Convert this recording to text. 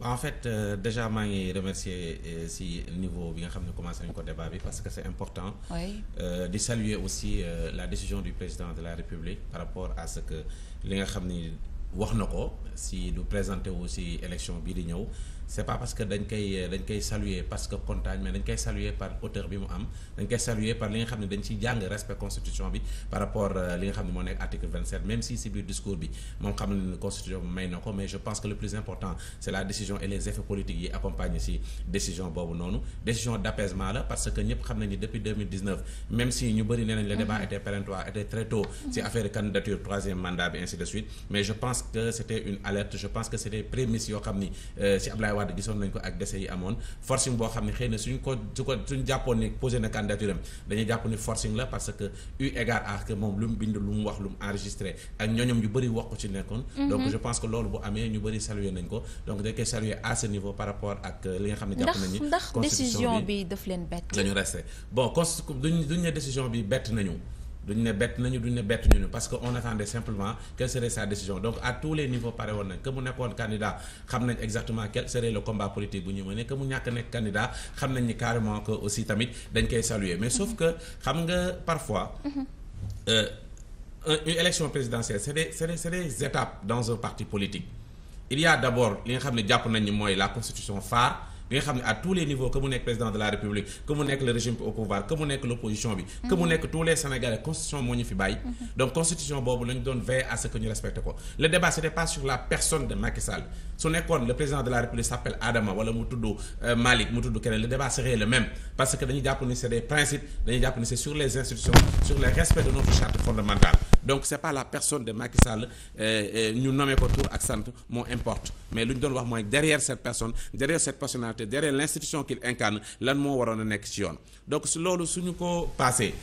en fait euh, déjà maa ngi remercier eh, si niveau bi nga xam ne commencé nañu ko débat bi parce que c'est important oui. Euh, di saluer aussi euh, la décision du président de la République par rapport à ce que li nga xam ni wax na ko si du présenté wu si élection bii di ñëw c'est pas parce que dañ koy dañ koy saluer parce que kontaan mais dañ koy saluer par auteur bi mu am dañ koy saluer par li nga xam ne dañ ciy jàng respect constitution bi par rapport euh, li nga xam ne moo nekk article 27 si si biir discours bi moom xam ne constitution bi may na ko mais je pense que le plus important c'est la décision et les effets politiques yi accompagnent si décision boobu noonu que c'était une alerte je pense que c'est des prémices yoo xam ni euh, si Ablaye Wade gisoon nañ ko ak décès yi amoon forcing boo xam ne xëy na suñ ko su ko suñ jàppoon ni posé na candidature am dañuy jàpp ni forcing la parce que eu égard à que moom lu mu bind lu mu wax lu mu enregistré ak ñooñom yu bëri wax ko ci nekkoon mm-hmm. donc je pense que loolu bu amee ñu bëri saluer nañ ko donc dañ koy saluer à ce niveau par rapport ak euh, li nga xam ne jàpp nañu ndax décision bi daf leen bett la ñu resté bon bett nañu duñ ne bett nañu duñ ne bett ñu parce que on attendait simplement quelle serait sa décision donc à tous les niveaux pare woon nañ que mu nekkoon candidat xam nañ exactement quel serait le combat politique bu ñu mënee que mu ñàkk nekk candidat xam nañ ni carrément que aussi tamit dañ koy saluer mais sauf que xam nga parfois. Mm-hmm. Euh, une élection présidentielle c'est des c'est des c'est dans un parti politique il y d'abord li nga xam ne jàpp nañ ni mooy la constitution phare. bi nga xam ne à tous les niveaux que mu nekk président de la république que mu nekk le régime au pouvoir que mu nekk l' bi que mu mhm. nekk tous les sénégalais constitution moo ñu fi bàyyi mhm. donc constitution boobu la doon veiller à ce que ñu respecte ko le débat c' était pas sur la personne de Macky Sall su nekkoon le président de la république s' appelle Adama wala mu tudd euh, Malick mu tudd keneen le débat serait le même parce que dañu jàpp ni c' est des donc c'est pas la personne de Macky Sall euh, euh, ñu nommé ko tur ak sant moo importe mais lu ñu doon wax mooy derrière cette personne derrière cette personnalité derrière l'institution qu'il incarne lan moo waroon a nekk ci yoon donc si su ñu ko passé